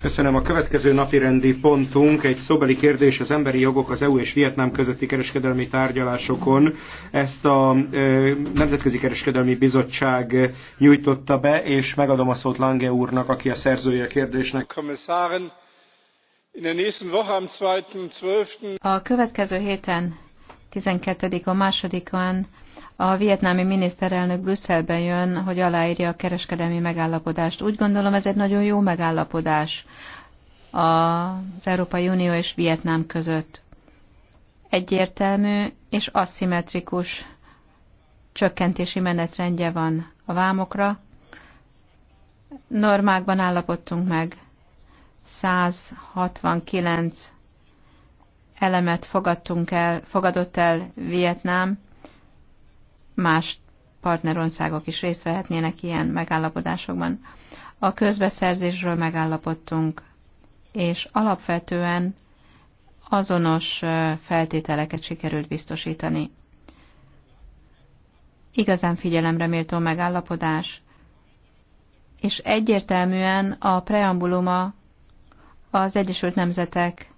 Köszönöm. A következő napi rendi pontunk egy szóbeli kérdés az emberi jogok az EU és Vietnám közötti kereskedelmi tárgyalásokon. Ezt a Nemzetközi Kereskedelmi Bizottság nyújtotta be, és megadom a szót Lange úrnak, aki a szerzője a kérdésnek. A következő héten, 12. a másodikán a vietnámi miniszterelnök Brüsszelben jön, hogy aláírja a kereskedelmi megállapodást. Úgy gondolom, ez egy nagyon jó megállapodás az Európai Unió és Vietnám között. Egyértelmű és aszimmetrikus csökkentési menetrendje van a vámokra. Normákban állapodtunk meg. 169 elemet fogadtunk el, fogadott el Vietnám, más partnerországok is részt vehetnének ilyen megállapodásokban. A közbeszerzésről megállapodtunk, és alapvetően azonos feltételeket sikerült biztosítani. Igazán figyelemre méltó megállapodás, és egyértelműen a preambuluma az Egyesült Nemzetek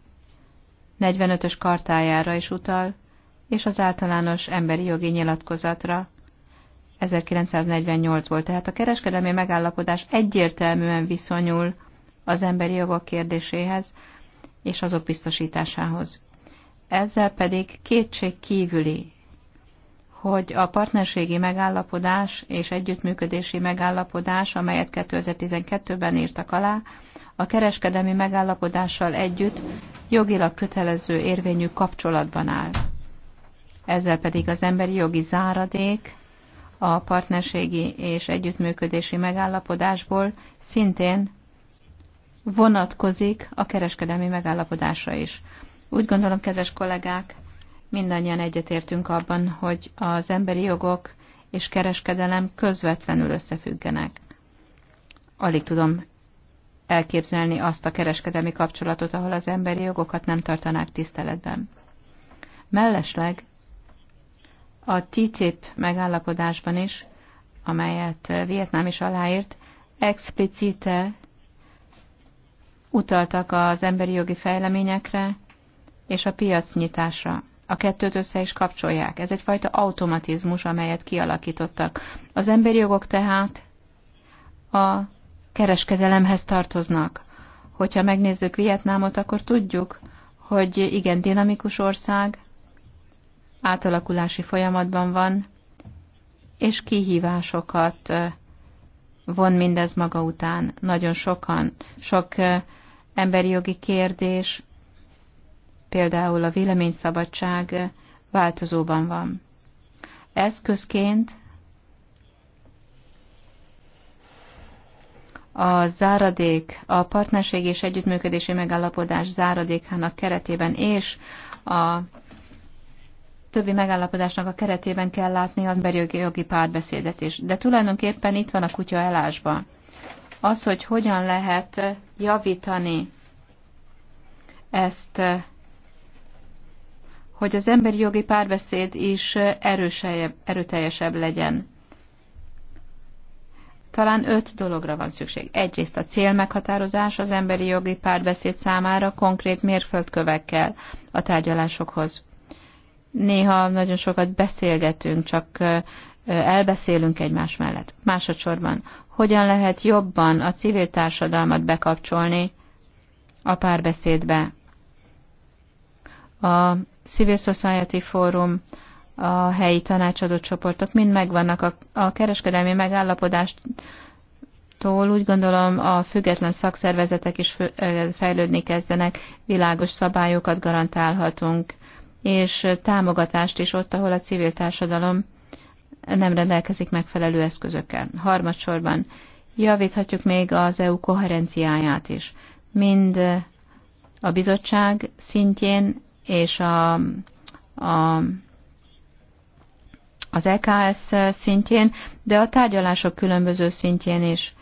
45-ös kartájára is utal, és az általános emberi jogi nyilatkozatra 1948 volt. Tehát a kereskedelmi megállapodás egyértelműen viszonyul az emberi jogok kérdéséhez és azok biztosításához. Ezzel pedig kétség kívüli, hogy a partnerségi megállapodás és együttműködési megállapodás, amelyet 2012-ben írtak alá, a kereskedelmi megállapodással együtt jogilag kötelező érvényű kapcsolatban áll ezzel pedig az emberi jogi záradék a partnerségi és együttműködési megállapodásból szintén vonatkozik a kereskedelmi megállapodásra is. Úgy gondolom, kedves kollégák, mindannyian egyetértünk abban, hogy az emberi jogok és kereskedelem közvetlenül összefüggenek. Alig tudom elképzelni azt a kereskedelmi kapcsolatot, ahol az emberi jogokat nem tartanák tiszteletben. Mellesleg a TTIP megállapodásban is, amelyet Vietnám is aláírt, explicite utaltak az emberi jogi fejleményekre és a piacnyitásra. A kettőt össze is kapcsolják. Ez egyfajta automatizmus, amelyet kialakítottak. Az emberi jogok tehát a kereskedelemhez tartoznak. Hogyha megnézzük Vietnámot, akkor tudjuk, hogy igen dinamikus ország, átalakulási folyamatban van, és kihívásokat von mindez maga után. Nagyon sokan, sok emberi jogi kérdés, például a véleményszabadság változóban van. Eszközként a záradék, a partnerség és együttműködési megállapodás záradékának keretében és a többi megállapodásnak a keretében kell látni a emberjogi jogi párbeszédet is. De tulajdonképpen itt van a kutya elásba. Az, hogy hogyan lehet javítani ezt, hogy az emberi jogi párbeszéd is erősebb, erőteljesebb legyen. Talán öt dologra van szükség. Egyrészt a célmeghatározás az emberi jogi párbeszéd számára konkrét mérföldkövekkel a tárgyalásokhoz. Néha nagyon sokat beszélgetünk, csak elbeszélünk egymás mellett. Másodszorban, hogyan lehet jobban a civil társadalmat bekapcsolni a párbeszédbe? A Civil Society Forum, a helyi tanácsadó csoportok mind megvannak a, a kereskedelmi megállapodást úgy gondolom a független szakszervezetek is fejlődni kezdenek, világos szabályokat garantálhatunk, és támogatást is ott, ahol a civil társadalom nem rendelkezik megfelelő eszközökkel. Harmadsorban javíthatjuk még az EU koherenciáját is, mind a bizottság szintjén és a, a, az EKS szintjén, de a tárgyalások különböző szintjén is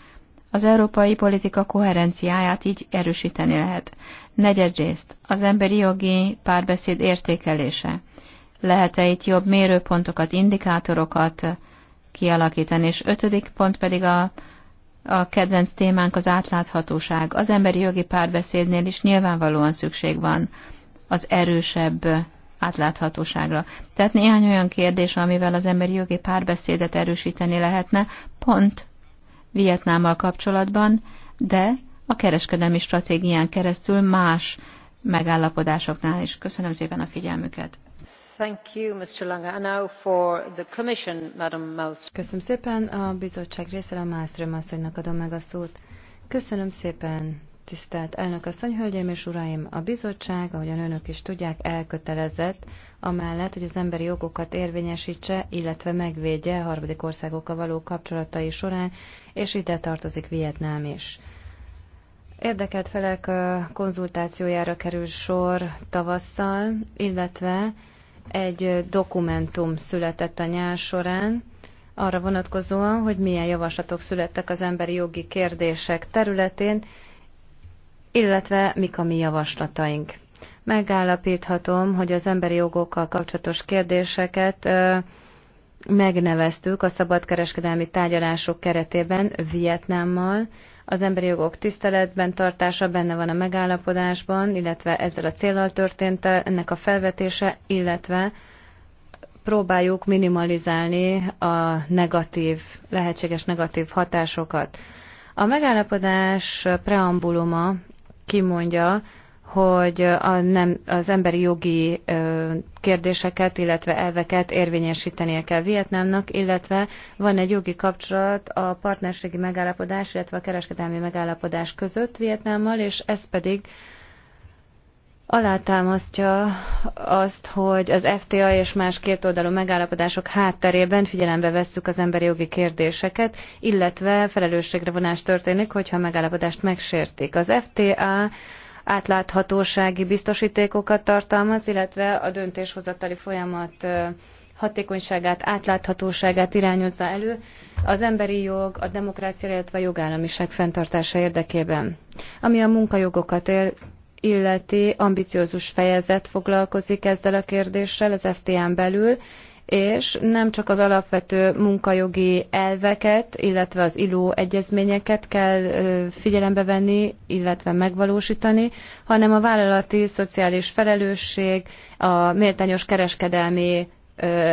az európai politika koherenciáját így erősíteni lehet. Negyedrészt, az emberi jogi párbeszéd értékelése. Lehet-e itt jobb mérőpontokat, indikátorokat kialakítani? És ötödik pont pedig a, a kedvenc témánk az átláthatóság. Az emberi jogi párbeszédnél is nyilvánvalóan szükség van az erősebb átláthatóságra. Tehát néhány olyan kérdés, amivel az emberi jogi párbeszédet erősíteni lehetne, pont Vietnámmal kapcsolatban, de a kereskedelmi stratégián keresztül más megállapodásoknál is. Köszönöm szépen a figyelmüket. You, Köszönöm szépen. A bizottság részéről Mászröm asszonynak adom meg a szót. Köszönöm szépen, Tisztelt elnök asszony, hölgyeim és uraim, a bizottság, ahogyan önök is tudják, elkötelezett amellett, hogy az emberi jogokat érvényesítse, illetve megvédje a harmadik országokkal való kapcsolatai során, és ide tartozik Vietnám is. Érdekelt felek konzultációjára kerül sor tavasszal, illetve egy dokumentum született a nyár során, arra vonatkozóan, hogy milyen javaslatok születtek az emberi jogi kérdések területén, illetve mik a mi javaslataink. Megállapíthatom, hogy az emberi jogokkal kapcsolatos kérdéseket megneveztük a szabadkereskedelmi tárgyalások keretében Vietnámmal. Az emberi jogok tiszteletben tartása benne van a megállapodásban, illetve ezzel a célral történt ennek a felvetése, illetve próbáljuk minimalizálni a negatív, lehetséges negatív hatásokat. A megállapodás preambuluma kimondja, hogy a nem, az emberi jogi ö, kérdéseket, illetve elveket érvényesítenie kell Vietnámnak, illetve van egy jogi kapcsolat a partnerségi megállapodás, illetve a kereskedelmi megállapodás között Vietnámmal, és ez pedig ö, alátámasztja azt, hogy az FTA és más kétoldalú megállapodások hátterében figyelembe vesszük az emberi jogi kérdéseket, illetve felelősségre vonás történik, hogyha a megállapodást megsértik. Az FTA átláthatósági biztosítékokat tartalmaz, illetve a döntéshozatali folyamat hatékonyságát, átláthatóságát irányozza elő az emberi jog, a demokrácia, illetve a jogállamiság fenntartása érdekében. Ami a munkajogokat ér, illeti ambiciózus fejezet foglalkozik ezzel a kérdéssel az FTN belül, és nem csak az alapvető munkajogi elveket, illetve az ILO egyezményeket kell figyelembe venni, illetve megvalósítani, hanem a vállalati szociális felelősség, a méltányos kereskedelmi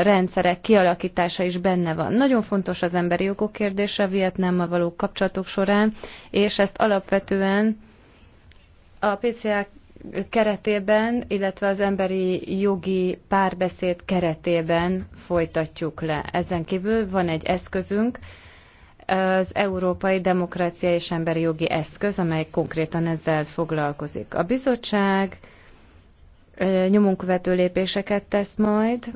rendszerek kialakítása is benne van. Nagyon fontos az emberi jogok kérdése a Vietnámmal való kapcsolatok során, és ezt alapvetően a PCA keretében, illetve az emberi jogi párbeszéd keretében folytatjuk le. Ezen kívül van egy eszközünk, az Európai Demokrácia és Emberi Jogi Eszköz, amely konkrétan ezzel foglalkozik. A bizottság nyomonkövető lépéseket tesz majd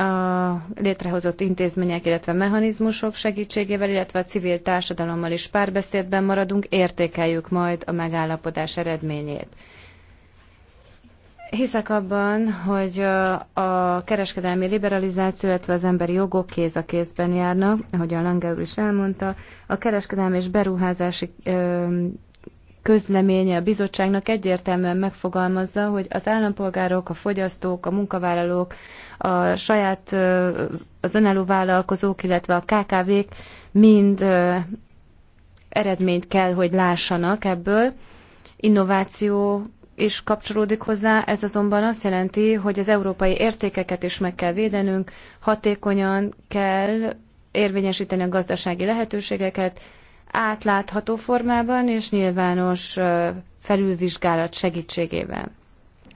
a létrehozott intézmények, illetve mechanizmusok segítségével, illetve a civil társadalommal is párbeszédben maradunk, értékeljük majd a megállapodás eredményét. Hiszek abban, hogy a kereskedelmi liberalizáció, illetve az emberi jogok kéz a kézben járnak, ahogy a Lange úr is elmondta. A kereskedelmi és beruházási közleménye a bizottságnak egyértelműen megfogalmazza, hogy az állampolgárok, a fogyasztók, a munkavállalók, a saját, az önálló vállalkozók, illetve a KKV-k mind eredményt kell, hogy lássanak ebből. Innováció is kapcsolódik hozzá, ez azonban azt jelenti, hogy az európai értékeket is meg kell védenünk, hatékonyan kell érvényesíteni a gazdasági lehetőségeket, átlátható formában és nyilvános felülvizsgálat segítségével.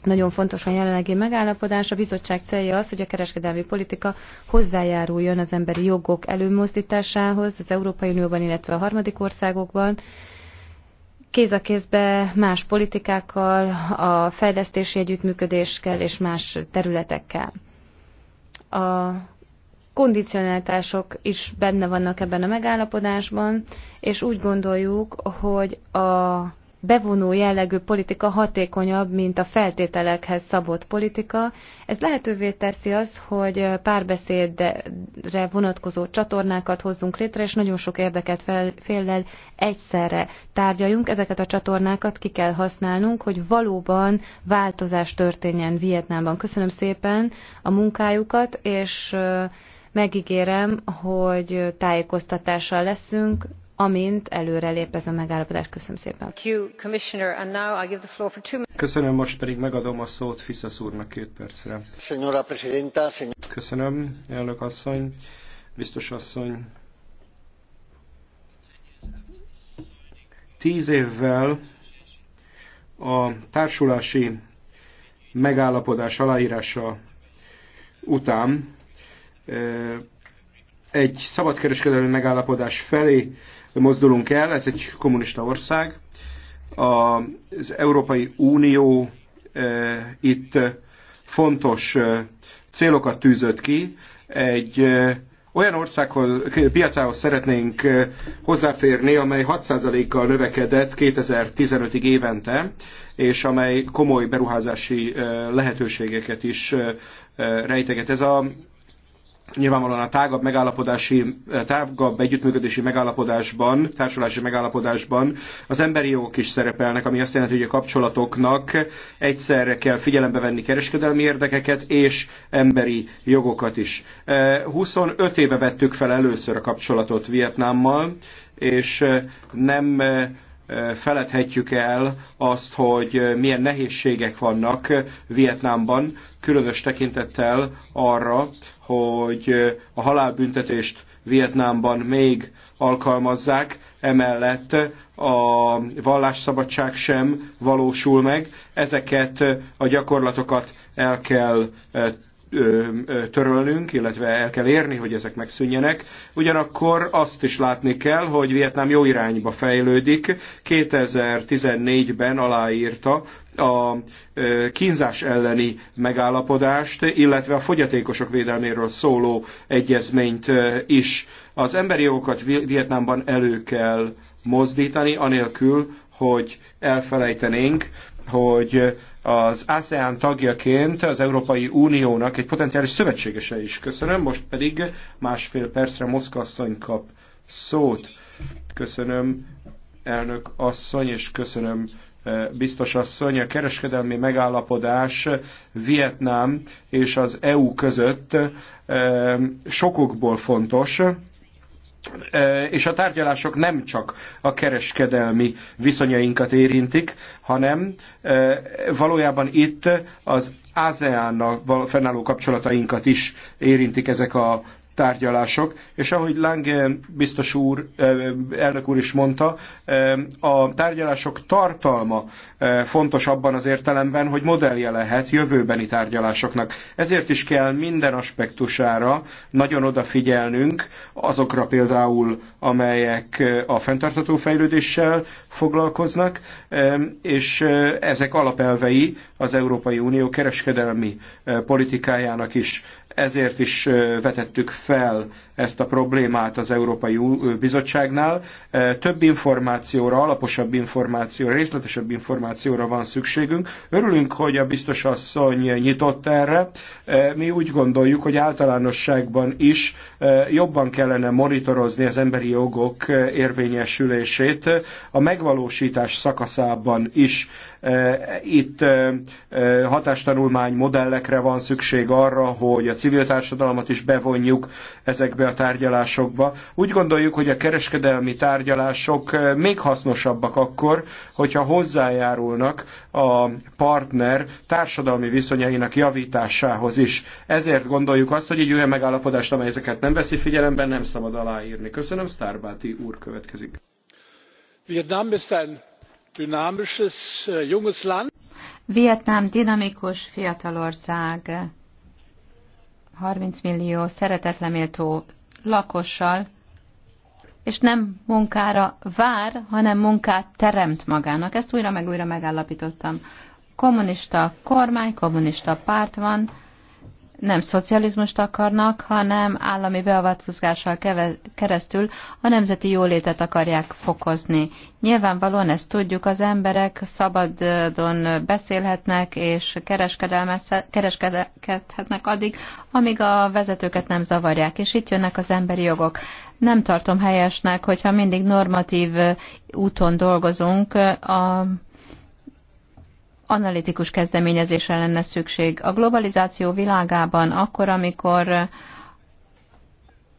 Nagyon fontos a jelenlegi megállapodás. A bizottság célja az, hogy a kereskedelmi politika hozzájáruljon az emberi jogok előmozdításához az Európai Unióban, illetve a harmadik országokban, kéz a kézbe más politikákkal, a fejlesztési együttműködéskel és más területekkel. A kondicionáltások is benne vannak ebben a megállapodásban, és úgy gondoljuk, hogy a bevonó jellegű politika hatékonyabb, mint a feltételekhez szabott politika. Ez lehetővé teszi az, hogy párbeszédre vonatkozó csatornákat hozzunk létre, és nagyon sok érdeket féllel egyszerre tárgyaljunk. Ezeket a csatornákat ki kell használnunk, hogy valóban változás történjen Vietnámban. Köszönöm szépen a munkájukat, és megígérem, hogy tájékoztatással leszünk amint előrelép ez a megállapodás. Köszönöm szépen. Köszönöm, most pedig megadom a szót Fiszasz úrnak két percre. Köszönöm, elnök asszony, biztos asszony. Tíz évvel a társulási megállapodás aláírása után eh, egy szabadkereskedelmi megállapodás felé mozdulunk el, ez egy kommunista ország. Az Európai Unió eh, itt fontos eh, célokat tűzött ki, egy eh, olyan országhoz, piacához szeretnénk hozzáférni, amely 6%-kal növekedett 2015-ig évente, és amely komoly beruházási lehetőségeket is rejteget. Ez a Nyilvánvalóan a tágabb megállapodási, eh, tágabb együttműködési megállapodásban, társulási megállapodásban az emberi jogok is szerepelnek, ami azt jelenti, hogy a kapcsolatoknak egyszerre kell figyelembe venni kereskedelmi érdekeket és emberi jogokat is. 25 eh, éve vettük fel először a kapcsolatot Vietnámmal, és eh, nem feledhetjük el azt, hogy milyen nehézségek vannak Vietnámban, különös tekintettel arra, hogy a halálbüntetést Vietnámban még alkalmazzák, emellett a vallásszabadság sem valósul meg. Ezeket a gyakorlatokat el kell törölnünk, illetve el kell érni, hogy ezek megszűnjenek. Ugyanakkor azt is látni kell, hogy Vietnám jó irányba fejlődik. 2014-ben aláírta a kínzás elleni megállapodást, illetve a fogyatékosok védelméről szóló egyezményt is. Az emberi jogokat Vietnámban elő kell mozdítani, anélkül, hogy elfelejtenénk, hogy az ASEAN tagjaként az Európai Uniónak egy potenciális szövetségese is. Köszönöm, most pedig másfél percre Moszka asszony kap szót. Köszönöm, elnök asszony, és köszönöm eh, biztos asszony, a kereskedelmi megállapodás Vietnám és az EU között eh, sokokból fontos és a tárgyalások nem csak a kereskedelmi viszonyainkat érintik, hanem valójában itt az ASEAN-nal fennálló kapcsolatainkat is érintik ezek a tárgyalások, és ahogy Lange biztos úr, elnök úr is mondta, a tárgyalások tartalma fontos abban az értelemben, hogy modellje lehet jövőbeni tárgyalásoknak. Ezért is kell minden aspektusára nagyon odafigyelnünk azokra például, amelyek a fenntartató fejlődéssel foglalkoznak, és ezek alapelvei az Európai Unió kereskedelmi politikájának is ezért is vetettük fel ezt a problémát az Európai Bizottságnál. Több információra, alaposabb információra, részletesebb információra van szükségünk. Örülünk, hogy a biztos asszony nyitott erre. Mi úgy gondoljuk, hogy általánosságban is jobban kellene monitorozni az emberi jogok érvényesülését a megvalósítás szakaszában is. Itt hatástanulmány modellekre van szükség arra, hogy a civil társadalmat is bevonjuk ezekbe a tárgyalásokba. Úgy gondoljuk, hogy a kereskedelmi tárgyalások eh, még hasznosabbak akkor, hogyha hozzájárulnak a partner társadalmi viszonyainak javításához is. Ezért gondoljuk azt, hogy egy olyan megállapodást, amely ezeket nem veszi figyelembe, nem szabad aláírni. Köszönöm, Sztárbáti úr következik. Vietnam ist ein dynamisches, äh, junges Land. Vietnám dinamikus fiatalország. 30 millió szeretetleméltó lakossal, és nem munkára vár, hanem munkát teremt magának. Ezt újra meg újra megállapítottam. Kommunista kormány, kommunista párt van, nem szocializmust akarnak, hanem állami beavatkozással keresztül a nemzeti jólétet akarják fokozni. Nyilvánvalóan ezt tudjuk, az emberek szabadon beszélhetnek és kereskedhetnek addig, amíg a vezetőket nem zavarják, és itt jönnek az emberi jogok. Nem tartom helyesnek, hogyha mindig normatív úton dolgozunk a analitikus kezdeményezésre lenne szükség. A globalizáció világában akkor, amikor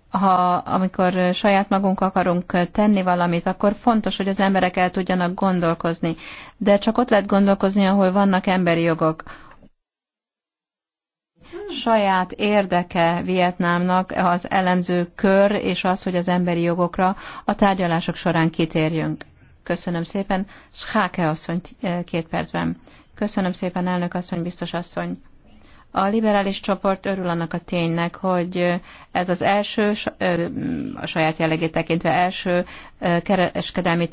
ha amikor saját magunk akarunk tenni valamit, akkor fontos, hogy az emberek el tudjanak gondolkozni. De csak ott lehet gondolkozni, ahol vannak emberi jogok. Saját érdeke Vietnámnak az elemző kör, és az, hogy az emberi jogokra a tárgyalások során kitérjünk. Köszönöm szépen. Scháke asszony két percben. Köszönöm szépen, elnök asszony, biztos asszony. A liberális csoport örül annak a ténynek, hogy ez az első, a saját jellegét tekintve első kereskedelmi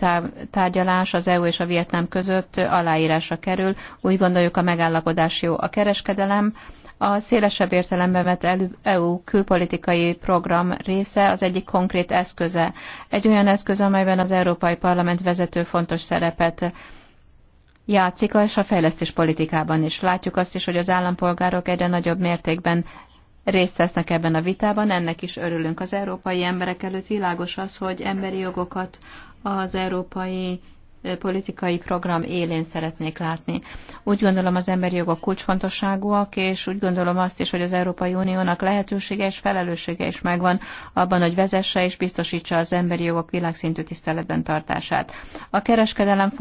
tárgyalás az EU és a Vietnám között aláírásra kerül. Úgy gondoljuk a megállapodás jó. A kereskedelem a szélesebb értelemben vett EU külpolitikai program része az egyik konkrét eszköze. Egy olyan eszköz, amelyben az Európai Parlament vezető fontos szerepet játszik, és a fejlesztés politikában is. Látjuk azt is, hogy az állampolgárok egyre nagyobb mértékben részt vesznek ebben a vitában, ennek is örülünk. Az európai emberek előtt világos az, hogy emberi jogokat az európai politikai program élén szeretnék látni. Úgy gondolom az emberi jogok kulcsfontosságúak, és úgy gondolom azt is, hogy az Európai Uniónak lehetősége és felelőssége is megvan abban, hogy vezesse és biztosítsa az emberi jogok világszintű tiszteletben tartását. A kereskedelem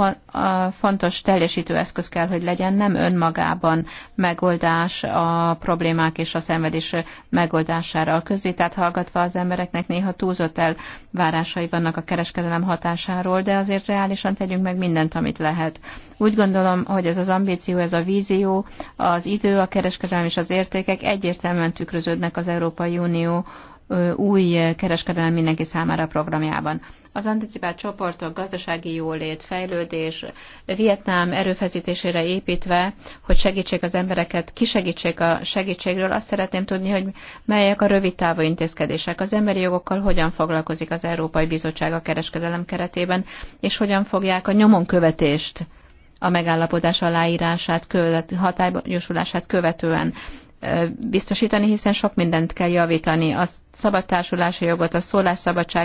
fontos teljesítő eszköz kell, hogy legyen, nem önmagában megoldás a problémák és a szenvedés megoldására. A közvitát hallgatva az embereknek néha túlzott elvárásai vannak a kereskedelem hatásáról, de azért reálisan tegyünk tegyünk meg mindent, amit lehet. Úgy gondolom, hogy ez az ambíció, ez a vízió, az idő, a kereskedelem és az értékek egyértelműen tükröződnek az Európai Unió új kereskedelem mindenki számára programjában. Az anticipált csoportok gazdasági jólét, fejlődés, Vietnám erőfeszítésére építve, hogy segítsék az embereket, kisegítsék a segítségről, azt szeretném tudni, hogy melyek a rövid távú intézkedések. Az emberi jogokkal hogyan foglalkozik az Európai Bizottság a kereskedelem keretében, és hogyan fogják a nyomon követést a megállapodás aláírását, követ, hatályosulását követően biztosítani, hiszen sok mindent kell javítani. A szabad társulási jogot, a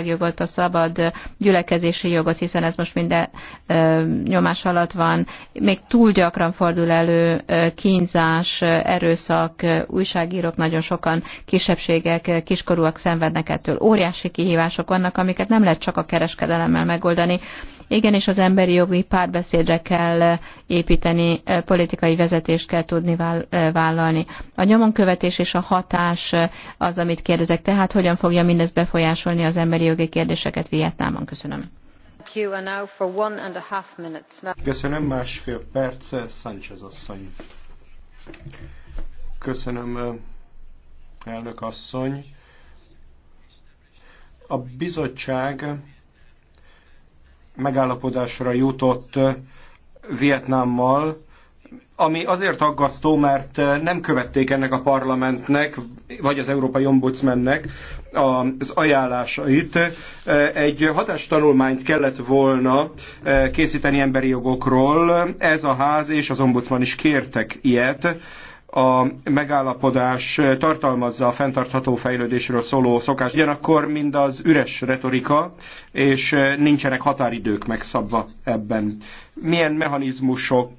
jogot, a szabad gyülekezési jogot, hiszen ez most minden nyomás alatt van. Még túl gyakran fordul elő kínzás, erőszak, újságírók nagyon sokan, kisebbségek, kiskorúak szenvednek ettől. Óriási kihívások vannak, amiket nem lehet csak a kereskedelemmel megoldani, és az emberi jogi párbeszédre kell eh, építeni, eh, politikai vezetést kell tudni eh, vállalni. A nyomonkövetés és a hatás az, amit kérdezek. Tehát hogyan fogja mindez befolyásolni az emberi jogi kérdéseket Vietnámon? Köszönöm. Köszönöm, másfél perc, Sánchez asszony. Köszönöm, elnök asszony. A bizottság megállapodásra jutott eh, Vietnámmal, ami azért aggasztó, mert eh, nem követték ennek a parlamentnek, vagy az Európai Ombudsmannek az ajánlásait. Eh, egy hatástanulmányt kellett volna készíteni emberi jogokról. Ez a ház és az ombudsman is kértek ilyet a megállapodás tartalmazza a fenntartható fejlődésről szóló szokás, ugyanakkor mind az üres retorika, és nincsenek határidők megszabva ebben. Milyen mechanizmusok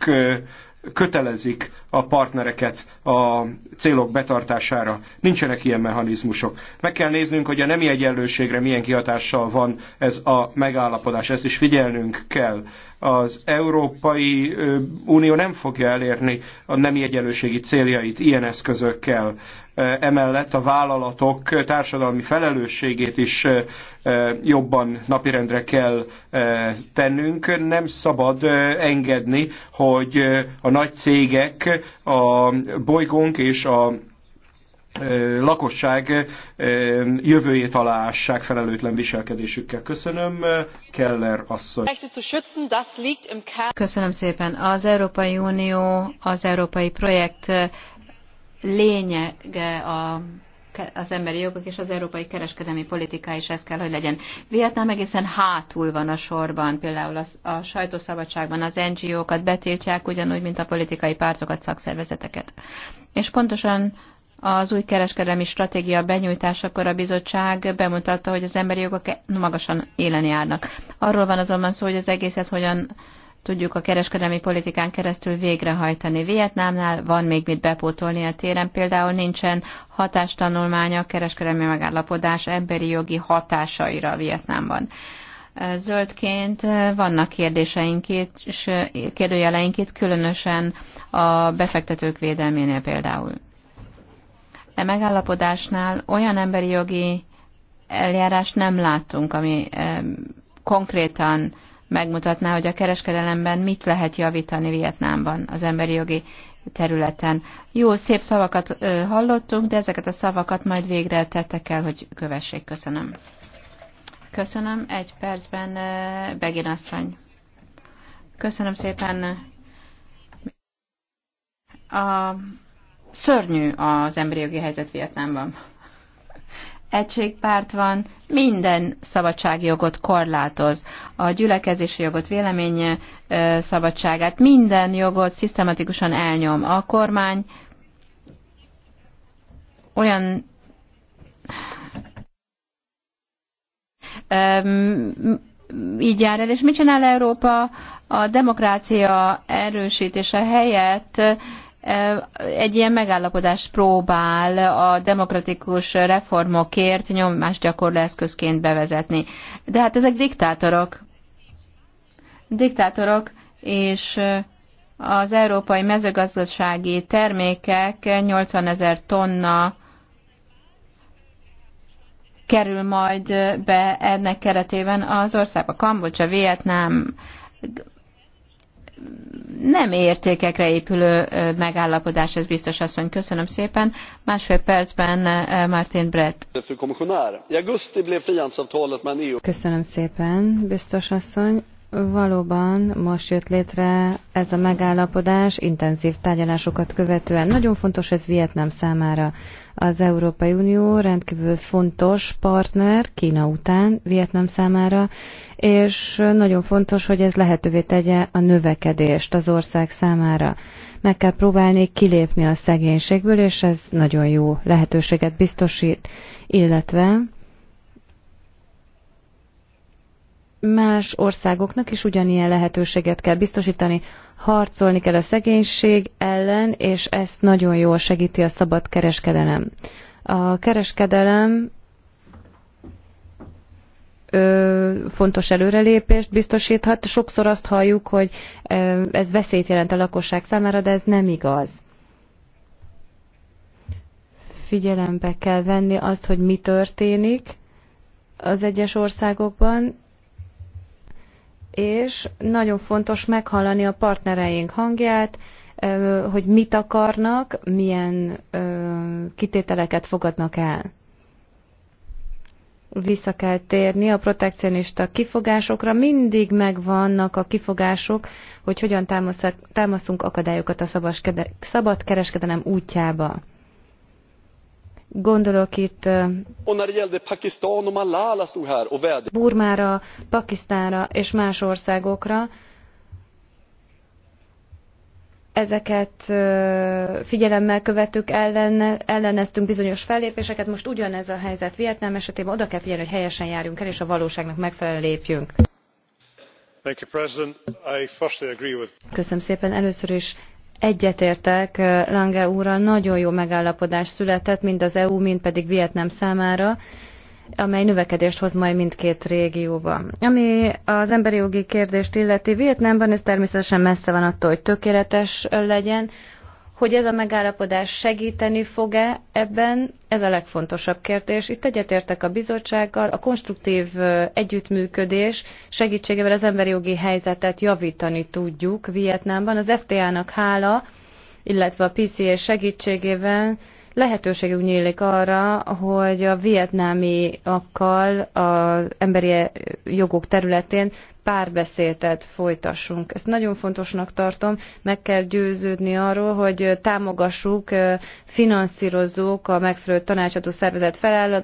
kötelezik a partnereket a célok betartására. Nincsenek ilyen mechanizmusok. Meg kell néznünk, hogy a nemi egyenlőségre milyen kihatással van ez a megállapodás. Ezt is figyelnünk kell az Európai Unió nem fogja elérni a nemi egyenlőségi céljait ilyen eszközökkel. Emellett a vállalatok társadalmi felelősségét is jobban napirendre kell tennünk. Nem szabad engedni, hogy a nagy cégek a bolygónk és a lakosság jövőjét aláássák felelőtlen viselkedésükkel. Köszönöm, Keller asszony. Köszönöm szépen. Az Európai Unió, az európai projekt lényege a az emberi jogok és az európai kereskedelmi politika is ez kell, hogy legyen. Vietnám egészen hátul van a sorban, például a, a sajtószabadságban az NGO-kat betiltják, ugyanúgy, mint a politikai pártokat, szakszervezeteket. És pontosan az új kereskedelmi stratégia benyújtásakor a bizottság bemutatta, hogy az emberi jogok magasan élen járnak. Arról van azonban szó, hogy az egészet hogyan tudjuk a kereskedelmi politikán keresztül végrehajtani. Vietnámnál van még mit bepótolni a téren, például nincsen hatástanulmánya a kereskedelmi megállapodás emberi jogi hatásaira a Vietnámban. Zöldként vannak kérdéseink és kérdőjeleink itt, különösen a befektetők védelménél például e megállapodásnál olyan emberi jogi eljárást nem látunk, ami e, konkrétan megmutatná, hogy a kereskedelemben mit lehet javítani Vietnámban az emberi jogi területen. Jó, szép szavakat e, hallottunk, de ezeket a szavakat majd végre tettek el, hogy kövessék. Köszönöm. Köszönöm. Egy percben e, Begin asszony. Köszönöm szépen. A Szörnyű az emberi jogi helyzet Vietnámban. Egységpárt van, minden szabadságjogot korlátoz. A gyülekezési jogot, vélemény szabadságát, minden jogot szisztematikusan elnyom. A kormány olyan így jár el, és mit csinál Európa a demokrácia erősítése helyett egy ilyen megállapodást próbál a demokratikus reformokért nyomást gyakorló eszközként bevezetni. De hát ezek diktátorok. Diktátorok, és az európai mezőgazdasági termékek 80 ezer tonna kerül majd be ennek keretében az országba. Kambodzsa, Vietnám, nem értékekre épülő megállapodás, ez biztos asszony. Köszönöm szépen. Másfél percben Martin Brett. Köszönöm szépen, biztos asszony. Valóban most jött létre ez a megállapodás intenzív tárgyalásokat követően. Nagyon fontos ez Vietnám számára. Az Európai Unió rendkívül fontos partner Kína után Vietnám számára, és nagyon fontos, hogy ez lehetővé tegye a növekedést az ország számára. Meg kell próbálni kilépni a szegénységből, és ez nagyon jó lehetőséget biztosít, illetve más országoknak is ugyanilyen lehetőséget kell biztosítani. Harcolni kell a szegénység ellen, és ezt nagyon jól segíti a szabad kereskedelem. A kereskedelem fontos előrelépést biztosíthat. Sokszor azt halljuk, hogy ez veszélyt jelent a lakosság számára, de ez nem igaz. Figyelembe kell venni azt, hogy mi történik az egyes országokban, és nagyon fontos meghallani a partnereink hangját, hogy mit akarnak, milyen kitételeket fogadnak el. Vissza kell térni a protekcionista kifogásokra. Mindig megvannak a kifogások, hogy hogyan támaszunk akadályokat a szabad kereskedelem útjába. Gondolok itt Burmára, Pakisztánra és más országokra. Ezeket figyelemmel követtük, ellen, elleneztünk bizonyos fellépéseket, most ugyanez a helyzet Vietnám esetében, oda kell figyelni, hogy helyesen járjunk el, és a valóságnak megfelelően lépjünk. Köszönöm szépen, először is Egyetértek Lange úrral, nagyon jó megállapodás született, mind az EU, mind pedig Vietnám számára amely növekedést hoz majd mindkét régióba. Ami az emberi jogi kérdést illeti, Vietnámban ez természetesen messze van attól, hogy tökéletes legyen, hogy ez a megállapodás segíteni fog-e ebben, ez a legfontosabb kérdés. Itt egyetértek a bizottsággal, a konstruktív együttműködés segítségevel az emberi jogi helyzetet javítani tudjuk Vietnámban. Az FTA-nak hála, illetve a PCA segítségével lehetőségük nyílik arra, hogy a vietnámiakkal az emberi jogok területén párbeszédet folytassunk. Ezt nagyon fontosnak tartom, meg kell győződni arról, hogy támogassuk, finanszírozzuk a megfelelő tanácsadó szervezet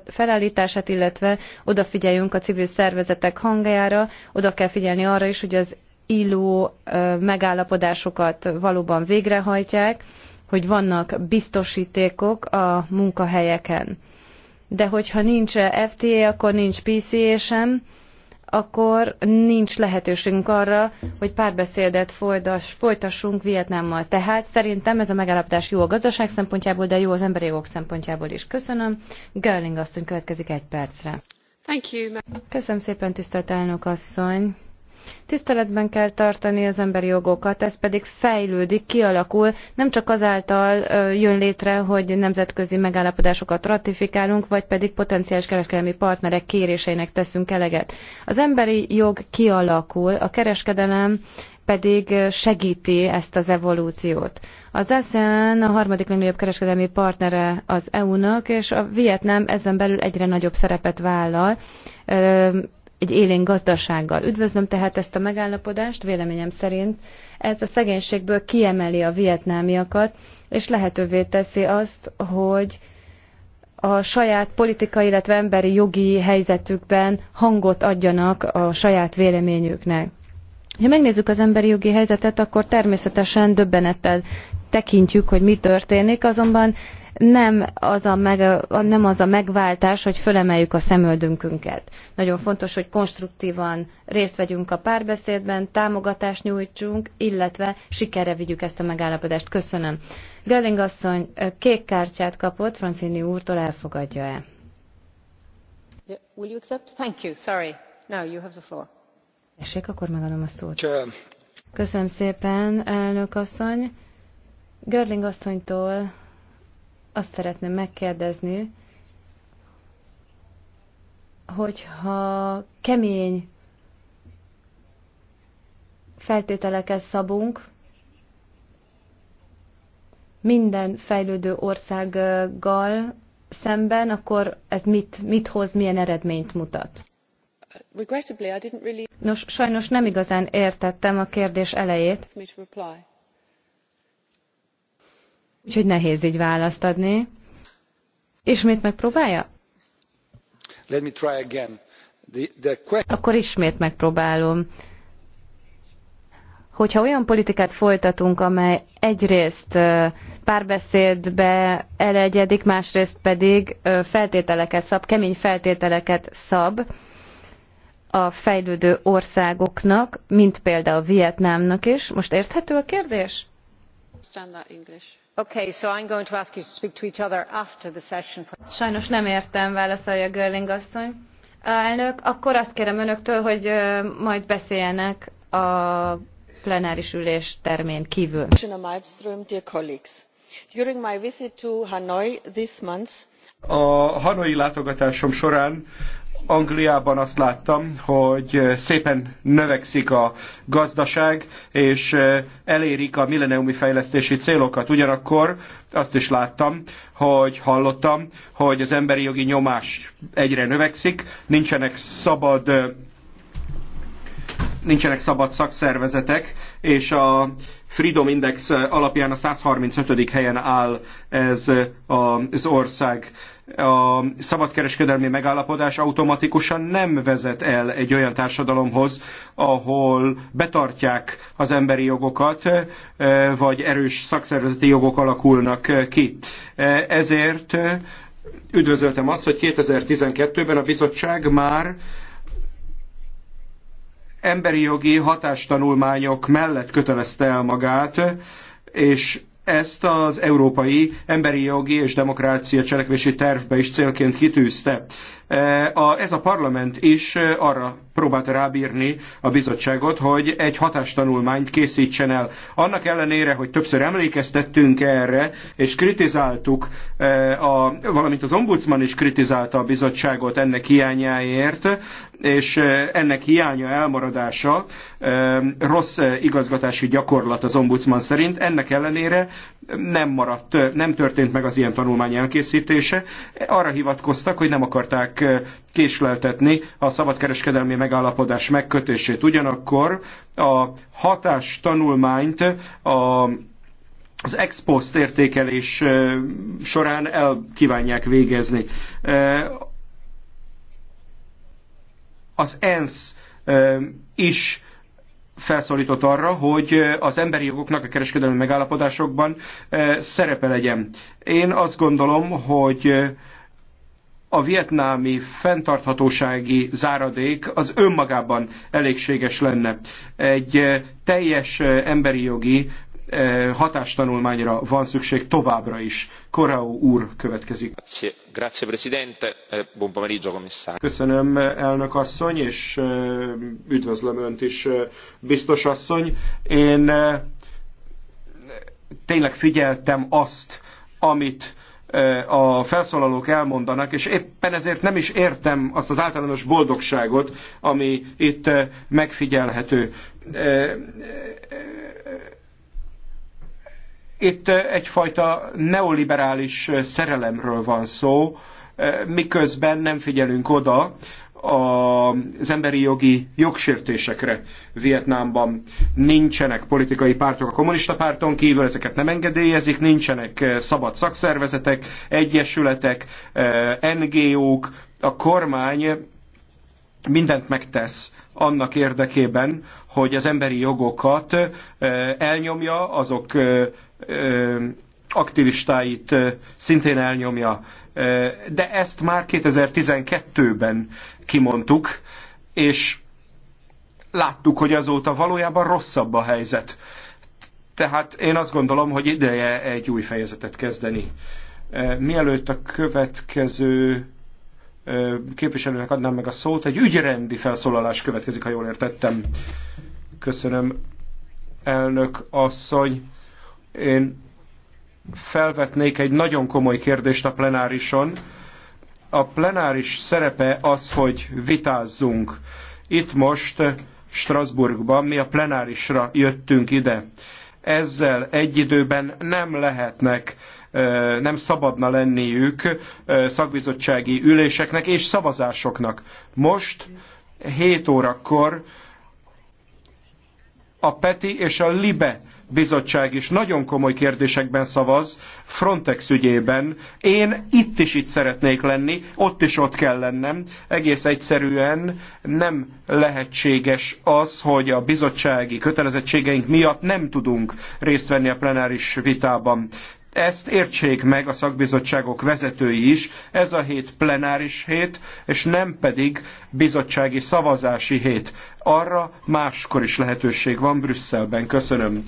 felállítását, illetve odafigyeljünk a civil szervezetek hangjára, oda kell figyelni arra is, hogy az illó megállapodásokat valóban végrehajtják, hogy vannak biztosítékok a munkahelyeken. De hogyha nincs FTA, akkor nincs PCA sem, akkor nincs lehetőségünk arra, hogy párbeszédet folytassunk Vietnámmal. Tehát szerintem ez a megállapodás jó a gazdaság szempontjából, de jó az emberi jogok szempontjából is. Köszönöm. Görling asszony következik egy percre. Thank you. Köszönöm szépen, tisztelt elnök asszony. Tiszteletben kell tartani az emberi jogokat, ez pedig fejlődik, kialakul, nem csak azáltal jön létre, hogy nemzetközi megállapodásokat ratifikálunk, vagy pedig potenciális kereskedelmi partnerek kéréseinek teszünk eleget. Az emberi jog kialakul, a kereskedelem pedig segíti ezt az evolúciót. Az ASEAN a harmadik legnagyobb kereskedelmi partnere az EU-nak, és a Vietnám ezen belül egyre nagyobb szerepet vállal egy élén gazdasággal. Üdvözlöm tehát ezt a megállapodást, véleményem szerint ez a szegénységből kiemeli a vietnámiakat, és lehetővé teszi azt, hogy a saját politikai, illetve emberi jogi helyzetükben hangot adjanak a saját véleményüknek. Ha megnézzük az emberi jogi helyzetet, akkor természetesen döbbenettel tekintjük, hogy mi történik, azonban nem az a, meg, nem az a megváltás, hogy fölemeljük a szemöldünkünket. Nagyon fontos, hogy konstruktívan részt vegyünk a párbeszédben, támogatást nyújtsunk, illetve sikerre vigyük ezt a megállapodást. Köszönöm. Gelling asszony kék kártyát kapott, Francini úrtól elfogadja-e? will you accept? Thank you. Sorry. Now you have the floor. Tessék, akkor megadom a szót. Köszönöm szépen, elnök asszony. Görling asszonytól azt szeretném megkérdezni, hogyha kemény feltételeket szabunk, minden fejlődő országgal szemben, akkor ez mit, mit hoz, milyen eredményt mutat? Nos, sajnos nem igazán értettem a kérdés elejét úgyhogy nehéz így választ adni. Ismét megpróbálja? Let me try again. The, the question... Akkor ismét megpróbálom. Hogyha olyan politikát folytatunk, amely egyrészt párbeszédbe elegyedik, másrészt pedig feltételeket szab, kemény feltételeket szab, a fejlődő országoknak, mint például Vietnámnak is. Most érthető a kérdés? Standard English. Sajnos nem értem, válaszolja girling asszony. Elnök, akkor azt kérem önöktől, hogy majd beszéljenek a plenáris ülés termén kívül. a hanoi látogatásom során Angliában azt láttam, hogy eh, szépen növekszik a gazdaság, és eh, elérik a milleniumi fejlesztési célokat. Ugyanakkor azt is láttam, hogy hallottam, hogy az emberi jogi nyomás egyre növekszik, nincsenek szabad eh, nincsenek szabad szakszervezetek, és a Freedom Index alapján a 135. helyen áll ez az ország a szabadkereskedelmi megállapodás automatikusan nem vezet el egy olyan társadalomhoz, ahol betartják az emberi jogokat, e, vagy erős szakszervezeti jogok alakulnak ki. E, ezért üdvözöltem azt, hogy 2012-ben a bizottság már emberi jogi hatástanulmányok mellett kötelezte el magát, és ezt az Európai Emberi Jogi és Demokrácia Cselekvési Tervbe is célként kitűzte. Eh, ez a parlament is eh, arra próbálta rábírni a bizottságot, hogy egy hatástanulmányt készítsen el. Annak ellenére, hogy többször emlékeztettünk erre, és kritizáltuk, eh, a, valamint az ombudsman is kritizálta a bizottságot ennek hiányáért, és ennek hiánya, elmaradása rossz igazgatási gyakorlat az ombudsman szerint. Ennek ellenére nem maradt, nem történt meg az ilyen tanulmány elkészítése. Arra hivatkoztak, hogy nem akarták késleltetni a szabadkereskedelmi megállapodás megkötését. Ugyanakkor a hatás tanulmányt a az ex post értékelés során el kívánják végezni. Az ENSZ is felszólított arra, hogy az emberi jogoknak a kereskedelmi megállapodásokban szerepe legyen. Én azt gondolom, hogy a vietnámi fenntarthatósági záradék az önmagában elégséges lenne. Egy teljes emberi jogi hatástanulmányra van szükség továbbra is. Korau úr következik. Grazie, Presidente, eh, buon pomeriggio commissario. Köszönöm elnök asszony, és üdvözlöm önt is, biztos asszony. Én tényleg figyeltem azt, amit a felszólalók elmondanak, és éppen ezért nem is értem azt az általános boldogságot, ami itt megfigyelhető itt egyfajta neoliberális szerelemről van szó, miközben nem figyelünk oda az emberi jogi jogsértésekre Vietnámban. Nincsenek politikai pártok a kommunista párton kívül, ezeket nem engedélyezik, nincsenek szabad szakszervezetek, egyesületek, NGO-k, a kormány mindent megtesz annak érdekében, hogy az emberi jogokat elnyomja, azok aktivistáit szintén elnyomja. De ezt már 2012-ben kimondtuk, és láttuk, hogy azóta valójában rosszabb a helyzet. Tehát én azt gondolom, hogy ideje egy új fejezetet kezdeni. Mielőtt a következő képviselőnek adnám meg a szót, egy ügyrendi felszólalás következik, ha jól értettem. Köszönöm, elnök asszony. Én felvetnék egy nagyon komoly kérdést a plenárison. A plenáris szerepe az, hogy vitázzunk. Itt most Strasbourgban mi a plenárisra jöttünk ide. Ezzel egy időben nem lehetnek nem szabadna lenniük szakbizottsági üléseknek és szavazásoknak. Most 7 órakor a PETI és a LIBE bizottság is nagyon komoly kérdésekben szavaz, Frontex ügyében. Én itt is itt szeretnék lenni, ott is ott kell lennem. Egész egyszerűen nem lehetséges az, hogy a bizottsági kötelezettségeink miatt nem tudunk részt venni a plenáris vitában. Ezt értsék meg a szakbizottságok vezetői is, ez a hét plenáris hét, és nem pedig bizottsági szavazási hét. Arra máskor is lehetőség van Brüsszelben. Köszönöm.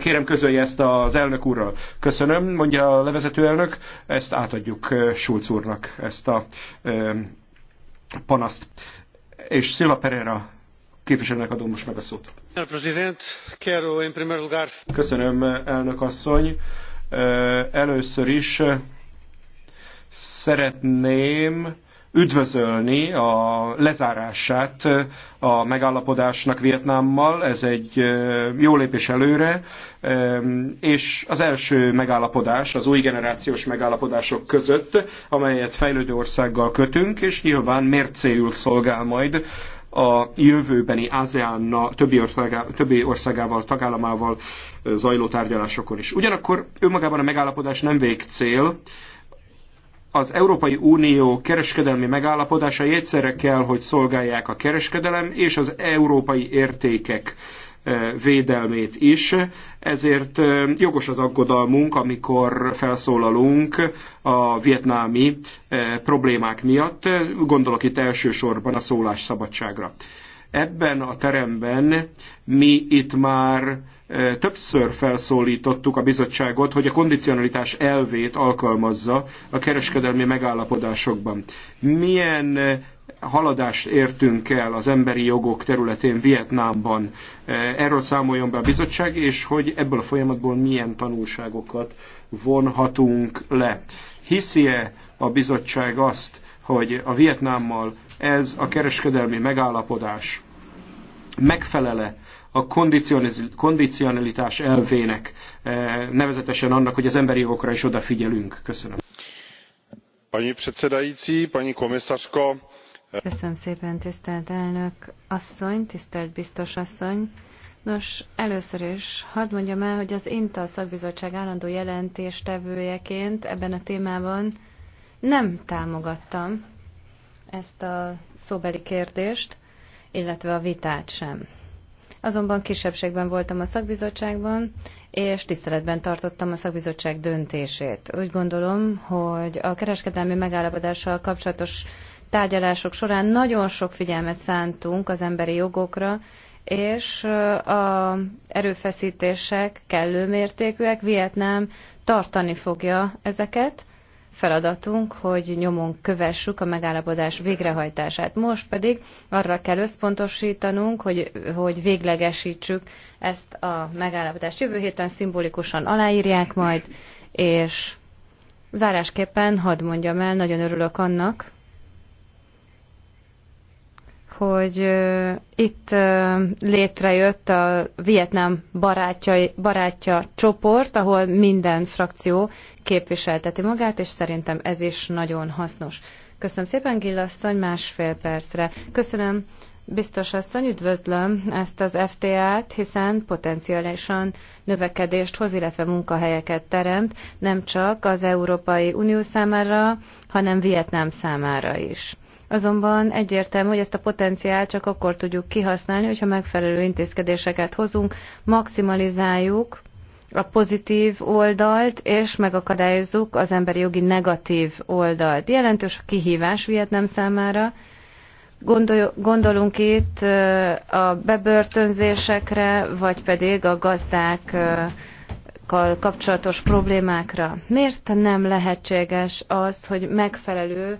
Kérem közölje ezt az elnök úrral. Köszönöm, mondja a levezető elnök, ezt átadjuk Schulz úrnak, ezt a panaszt. És Szilva Pereira képviselőnek adom most meg a szót. Köszönöm, elnök asszony. Először is szeretném üdvözölni a lezárását a megállapodásnak Vietnámmal. Ez egy jó lépés előre, és az első megállapodás az új generációs megállapodások között, amelyet fejlődő országgal kötünk, és nyilván mércéül szolgál majd a jövőbeni ASEAN többi, országá, többi országával, tagállamával zajló tárgyalásokon is. Ugyanakkor önmagában a megállapodás nem végcél, az Európai Unió kereskedelmi megállapodásai egyszerre kell, hogy szolgálják a kereskedelem és az európai értékek e, védelmét is, ezért e, jogos az aggodalmunk, amikor felszólalunk a vietnámi e, problémák miatt, gondolok itt elsősorban a szólásszabadságra. Ebben a teremben mi itt már Többször felszólítottuk a bizottságot, hogy a kondicionalitás elvét alkalmazza a kereskedelmi megállapodásokban. Milyen eh, haladást értünk el az emberi jogok területén Vietnámban. Eh, erről számoljon be a bizottság, és hogy ebből a folyamatból milyen tanulságokat vonhatunk le. Hiszi-e a bizottság azt, hogy a Vietnámmal ez a kereskedelmi megállapodás megfelele a kondicionalitás elvének, eh, nevezetesen annak, hogy az emberi jogokra is odafigyelünk. Köszönöm. Pani předsedající, pani komisařko. Köszönöm szépen, tisztelt elnök asszony, tisztelt biztos asszony. Nos, először is hadd mondjam el, hogy az INTA szakbizottság állandó jelentéstevőjeként ebben a témában nem támogattam ezt a szóbeli kérdést, illetve a vitát sem. Azonban kisebbségben voltam a szakbizottságban, és tiszteletben tartottam a szakbizottság döntését. Úgy gondolom, hogy a kereskedelmi megállapodással kapcsolatos tárgyalások során nagyon sok figyelmet szántunk az emberi jogokra, és a erőfeszítések kellő mértékűek. Vietnám tartani fogja ezeket, feladatunk, hogy nyomon kövessük a megállapodás végrehajtását. Most pedig arra kell összpontosítanunk, hogy, hogy véglegesítsük ezt a megállapodást. Jövő héten szimbolikusan aláírják majd, és zárásképpen hadd mondjam el, nagyon örülök annak, hogy itt létrejött a Vietnám barátja, barátja csoport, ahol minden frakció képviselteti magát, és szerintem ez is nagyon hasznos. Köszönöm szépen, Gillasszony, másfél percre. Köszönöm, biztos asszony, üdvözlöm ezt az FTA-t, hiszen potenciálisan növekedést hoz, illetve munkahelyeket teremt, nem csak az Európai Unió számára, hanem Vietnám számára is. Azonban egyértelmű, hogy ezt a potenciált csak akkor tudjuk kihasználni, hogyha megfelelő intézkedéseket hozunk, maximalizáljuk a pozitív oldalt, és megakadályozzuk az emberi jogi negatív oldalt. Jelentős a kihívás Vietnám számára. Gondol, gondolunk itt a bebörtönzésekre, vagy pedig a gazdák kapcsolatos problémákra. Miért nem lehetséges az, hogy megfelelő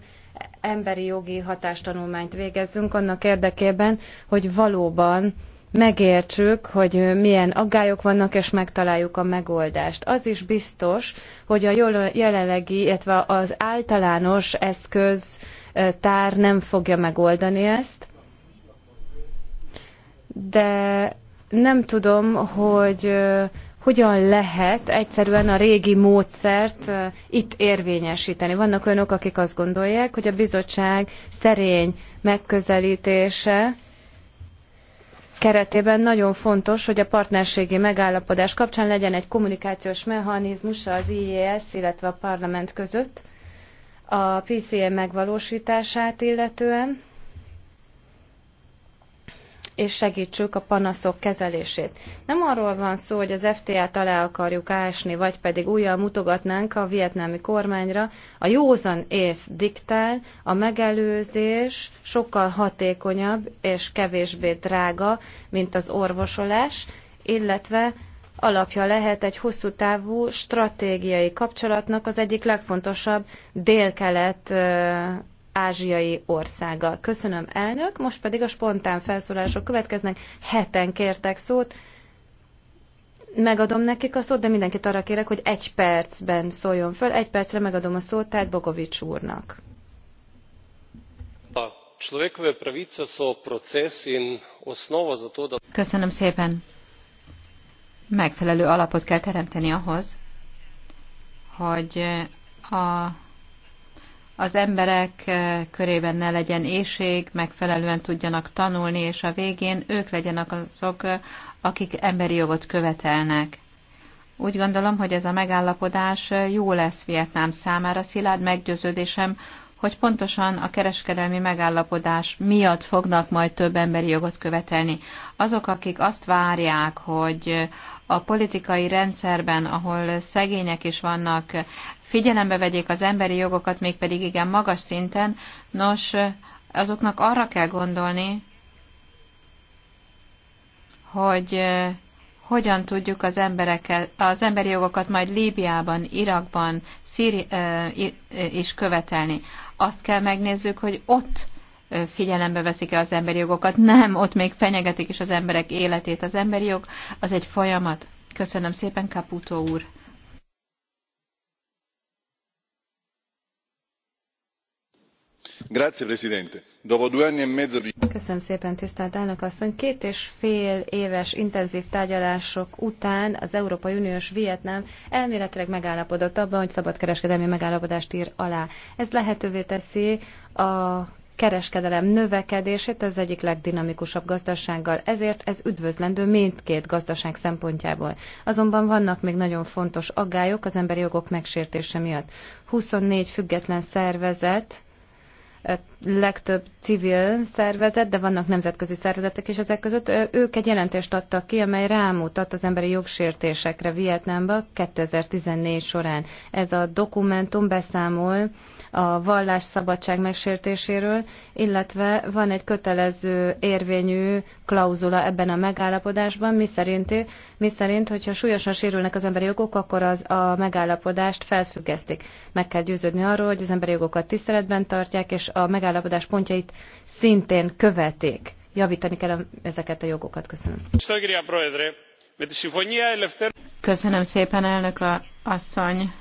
emberi jogi hatástanulmányt végezzünk annak érdekében, hogy valóban megértsük, hogy milyen aggályok vannak, és megtaláljuk a megoldást. Az is biztos, hogy a jelenlegi, illetve az általános eszköztár nem fogja megoldani ezt, de nem tudom, hogy hogyan lehet egyszerűen a régi módszert itt érvényesíteni. Vannak olyanok, akik azt gondolják, hogy a bizottság szerény megközelítése keretében nagyon fontos, hogy a partnerségi megállapodás kapcsán legyen egy kommunikációs mechanizmus az IES, illetve a parlament között a PCM megvalósítását illetően és segítsük a panaszok kezelését. Nem arról van szó, hogy az FTA-t alá akarjuk ásni, vagy pedig újjal mutogatnánk a vietnámi kormányra. A józan ész diktál, a megelőzés sokkal hatékonyabb és kevésbé drága, mint az orvosolás, illetve alapja lehet egy hosszú távú stratégiai kapcsolatnak az egyik legfontosabb délkelet ázsiai országa. Köszönöm, elnök. Most pedig a spontán felszólások következnek. Heten kértek szót. Megadom nekik a szót, de mindenkit arra kérek, hogy egy percben szóljon föl. Egy percre megadom a szót, tehát Bogovics úrnak. Köszönöm szépen. Megfelelő alapot kell teremteni ahhoz, hogy a az emberek eh, körében ne legyen éjség, megfelelően tudjanak tanulni, és a végén ők legyenek azok, eh, akik emberi jogot követelnek. Úgy gondolom, hogy ez a megállapodás eh, jó lesz Vietnám számára. Szilárd meggyőződésem, hogy pontosan a kereskedelmi megállapodás miatt fognak majd több emberi jogot követelni. Azok, akik azt várják, hogy a politikai rendszerben, ahol szegények is vannak, figyelembe vegyék az emberi jogokat, mégpedig igen magas szinten, nos, azoknak arra kell gondolni, hogy eh, hogyan tudjuk az, embereket, az emberi jogokat majd Líbiában, Irakban, Szíri, eh, eh, is követelni azt kell megnézzük, hogy ott figyelembe veszik-e az emberi jogokat. Nem, ott még fenyegetik is az emberek életét. Az emberi jog az egy folyamat. Köszönöm szépen, Caputo úr. E Köszönöm szépen, tisztelt elnök asszony! Két és fél éves intenzív tárgyalások után az Európai és Vietnám elméletileg megállapodott abban, hogy szabadkereskedelmi megállapodást ír alá. Ez lehetővé teszi a kereskedelem növekedését az egyik legdinamikusabb gazdasággal, ezért ez üdvözlendő mindkét gazdaság szempontjából. Azonban vannak még nagyon fontos aggályok az emberi jogok megsértése miatt. 24 független szervezet legtöbb civil szervezet, de vannak nemzetközi szervezetek is ezek között. Ők egy jelentést adtak ki, amely rámutat az emberi jogsértésekre Vietnámba 2014 során. Ez a dokumentum beszámol a vallásszabadság megsértéséről, illetve van egy kötelező érvényű klauzula ebben a megállapodásban, miszerint, miszerint hogyha súlyosan sérülnek az emberi jogok, akkor az a megállapodást felfüggesztik. Meg kell győződni arról, hogy az emberi jogokat tiszteletben tartják, és a megállapodás pontjait szintén követik. Javítani kell ezeket a jogokat. Köszönöm. Köszönöm szépen, elnök asszony.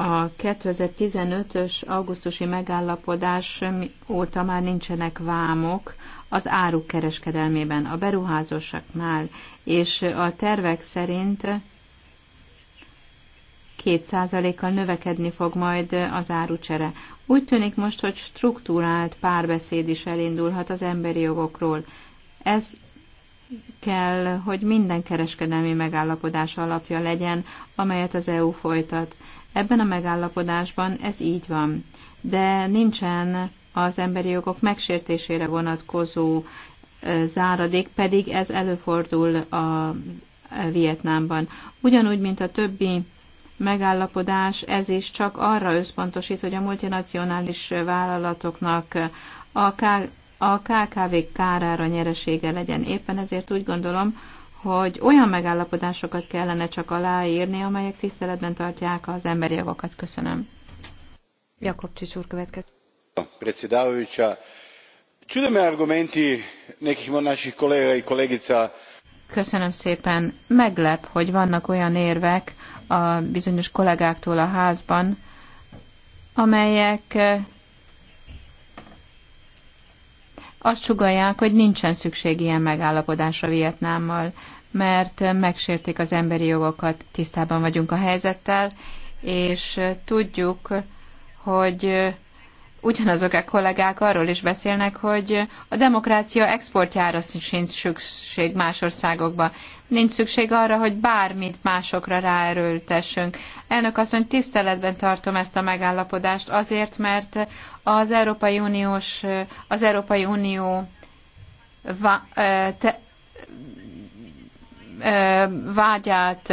a 2015-ös augusztusi megállapodás óta már nincsenek vámok az áruk kereskedelmében, a beruházósaknál, és a tervek szerint 2%-kal növekedni fog majd az árucsere. Úgy tűnik most, hogy struktúrált párbeszéd is elindulhat az emberi jogokról. Ez kell, hogy minden kereskedelmi megállapodás alapja legyen, amelyet az EU folytat. Ebben a megállapodásban ez így van, de nincsen az emberi jogok megsértésére vonatkozó záradék, pedig ez előfordul a Vietnámban. Ugyanúgy, mint a többi megállapodás, ez is csak arra összpontosít, hogy a multinacionális vállalatoknak a, K- a KKV kárára nyeresége legyen. Éppen ezért úgy gondolom, hogy olyan megállapodásokat kellene csak aláírni, amelyek tiszteletben tartják az emberi jogokat. Köszönöm. Jakobcsics úr következik. Predsjedavajuća, argumenti nekih naših kolega i kolegica Köszönöm szépen. Meglep, hogy vannak olyan érvek a bizonyos kollégáktól a házban, amelyek azt sugalják, hogy nincsen szükség ilyen megállapodásra Vietnámmal, mert megsértik az emberi jogokat, tisztában vagyunk a helyzettel, és tudjuk, hogy ugyanazok a kollégák arról is beszélnek, hogy a demokrácia exportjára sincs szükség más országokba. Nincs szükség arra, hogy bármit másokra ráerőltessünk. Elnök asszony, tiszteletben tartom ezt a megállapodást azért, mert az Európai Uniós, az Európai Unió vágyát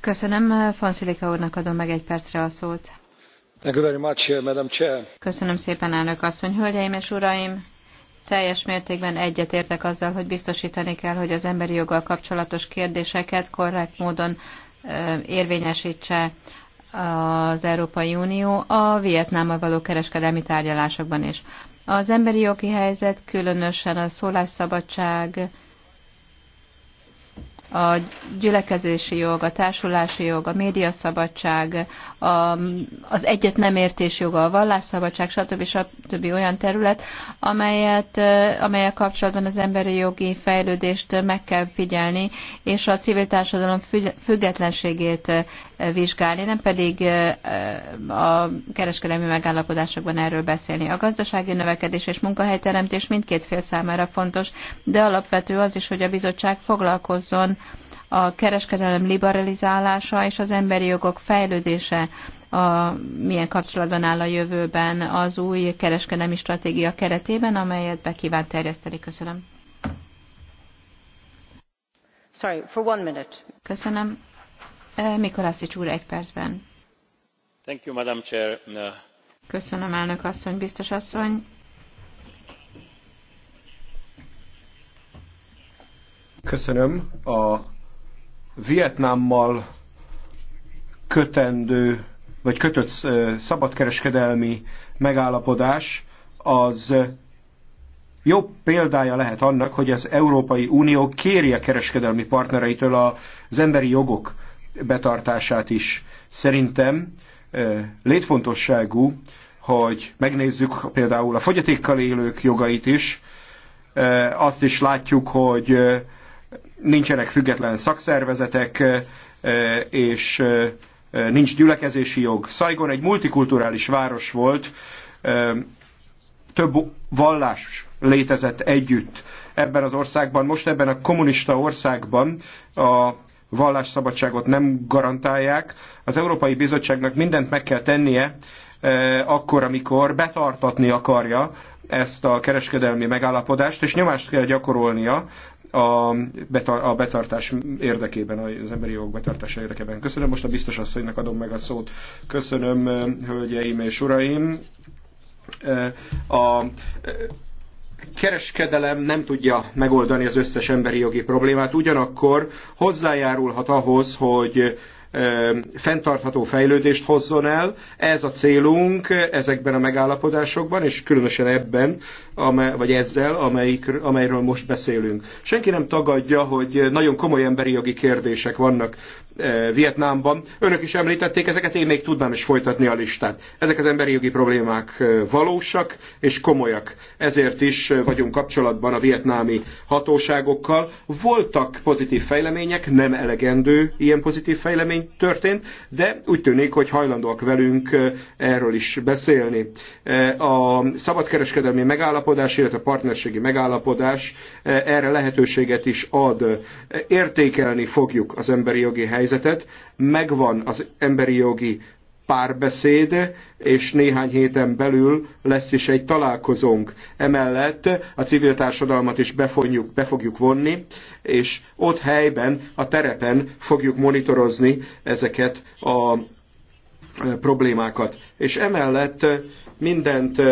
Köszönöm, Fonszilika úrnak adom meg egy percre a szót. Thank you very much, uh, Madam Chair. Köszönöm szépen, elnök asszony, hölgyeim és uraim! teljes mértékben egyetértek azzal, hogy biztosítani kell, hogy az emberi joggal kapcsolatos kérdéseket korrekt módon érvényesítse az Európai Unió a Vietnámmal való kereskedelmi tárgyalásokban is. Az emberi jogi helyzet, különösen a szólásszabadság, a gyülekezési jog, a társulási jog, a médiaszabadság, a, az egyet nem értés joga, a vallásszabadság, stb. stb. olyan terület, amelyet, amelyek kapcsolatban az emberi jogi fejlődést meg kell figyelni, és a civil társadalom függetlenségét vizsgálni, nem pedig a kereskedelmi megállapodásokban erről beszélni. A gazdasági növekedés és munkahelyteremtés mindkét fél számára fontos, de alapvető az is, hogy a bizottság foglalkozzon a kereskedelem liberalizálása és az emberi jogok fejlődése a, milyen kapcsolatban áll a jövőben az új kereskedelmi stratégia keretében, amelyet be kíván terjeszteni. Köszönöm. Sorry, for one minute. Köszönöm. Mikolászics úr egy percben. Thank you, Madam Chair. Köszönöm, elnök asszony, biztos asszony. Köszönöm. A Vietnámmal kötendő, vagy kötött szabadkereskedelmi megállapodás az jobb példája lehet annak, hogy az Európai Unió kérje kereskedelmi partnereitől az emberi jogok betartását is. Szerintem létfontosságú, hogy megnézzük például a fogyatékkal élők jogait is. Azt is látjuk, hogy nincsenek független szakszervezetek, és nincs gyülekezési jog. Szajgon egy multikulturális város volt, több vallás létezett együtt ebben az országban. Most ebben a kommunista országban a vallásszabadságot nem garantálják. Az Európai Bizottságnak mindent meg kell tennie, eh, akkor, amikor betartatni akarja ezt a kereskedelmi megállapodást, és nyomást kell gyakorolnia a, betar a betartás érdekében, az emberi jogok betartása érdekében. Köszönöm, most a biztos asszonynak adom meg a szót. Köszönöm, eh, hölgyeim és uraim. Eh, a kereskedelem nem tudja megoldani az összes emberi jogi problémát, ugyanakkor hozzájárulhat ahhoz, hogy fenntartható fejlődést hozzon el. Ez a célunk ezekben a megállapodásokban, és különösen ebben, amely vagy ezzel, amelyik, amelyről most beszélünk. Senki nem tagadja, hogy nagyon komoly emberi jogi kérdések vannak Vietnámban. Önök is említették ezeket, én még tudnám is folytatni a listát. Ezek az emberi jogi problémák valósak és komolyak. Ezért is vagyunk kapcsolatban a vietnámi hatóságokkal. Voltak pozitív fejlemények, nem elegendő ilyen pozitív fejlemény, történt, történt, de úgy tűnik, hogy hajlandóak velünk erről is beszélni. A szabadkereskedelmi megállapodás, illetve a partnerségi megállapodás erre lehetőséget is ad. Értékelni fogjuk az emberi jogi helyzetet, megvan az emberi jogi párbeszéd, és néhány héten belül lesz is egy találkozónk. Emellett a civil társadalmat is befonjuk, be fogjuk vonni, és ott helyben, a terepen fogjuk monitorozni ezeket a e, problémákat. És emellett mindent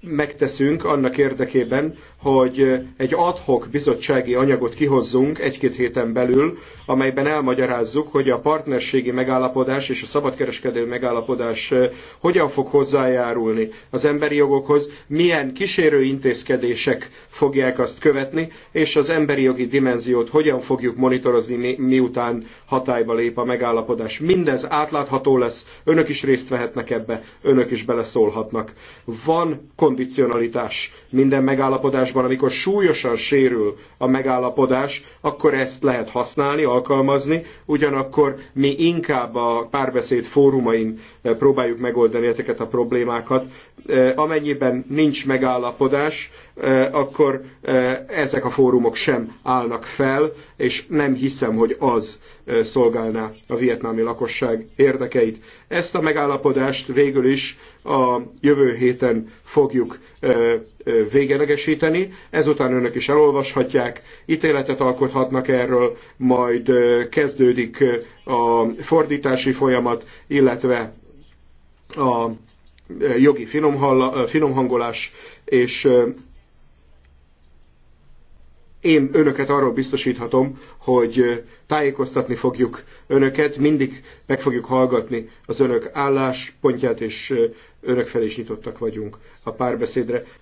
megteszünk annak érdekében, hogy egy adhok bizottsági anyagot kihozzunk egy-két héten belül, amelyben elmagyarázzuk, hogy a partnerségi megállapodás és a szabadkereskedő megállapodás eh, hogyan fog hozzájárulni az emberi jogokhoz, milyen kísérő intézkedések fogják azt követni, és az emberi jogi dimenziót hogyan fogjuk monitorozni, miután hatályba lép a megállapodás. Mindez átlátható lesz, önök is részt vehetnek ebbe, önök is beleszólhatnak. Van kondicionalitás minden megállapodásban, amikor súlyosan sérül a megállapodás, akkor ezt lehet használni, alkalmazni, ugyanakkor mi inkább a párbeszéd fórumain eh, próbáljuk megoldani ezeket a problémákat. Eh, amennyiben nincs megállapodás, eh, akkor ezek a fórumok sem állnak fel, és nem hiszem, hogy az szolgálná a vietnámi lakosság érdekeit. Ezt a megállapodást végül is a jövő héten fogjuk végelegesíteni. Ezután önök is elolvashatják, ítéletet alkothatnak erről, majd kezdődik a fordítási folyamat, illetve a jogi finomhangolás, és én önöket arról biztosíthatom, hogy tájékoztatni fogjuk önöket, mindig meg fogjuk hallgatni az önök álláspontját, és önök felé is nyitottak vagyunk a párbeszédre.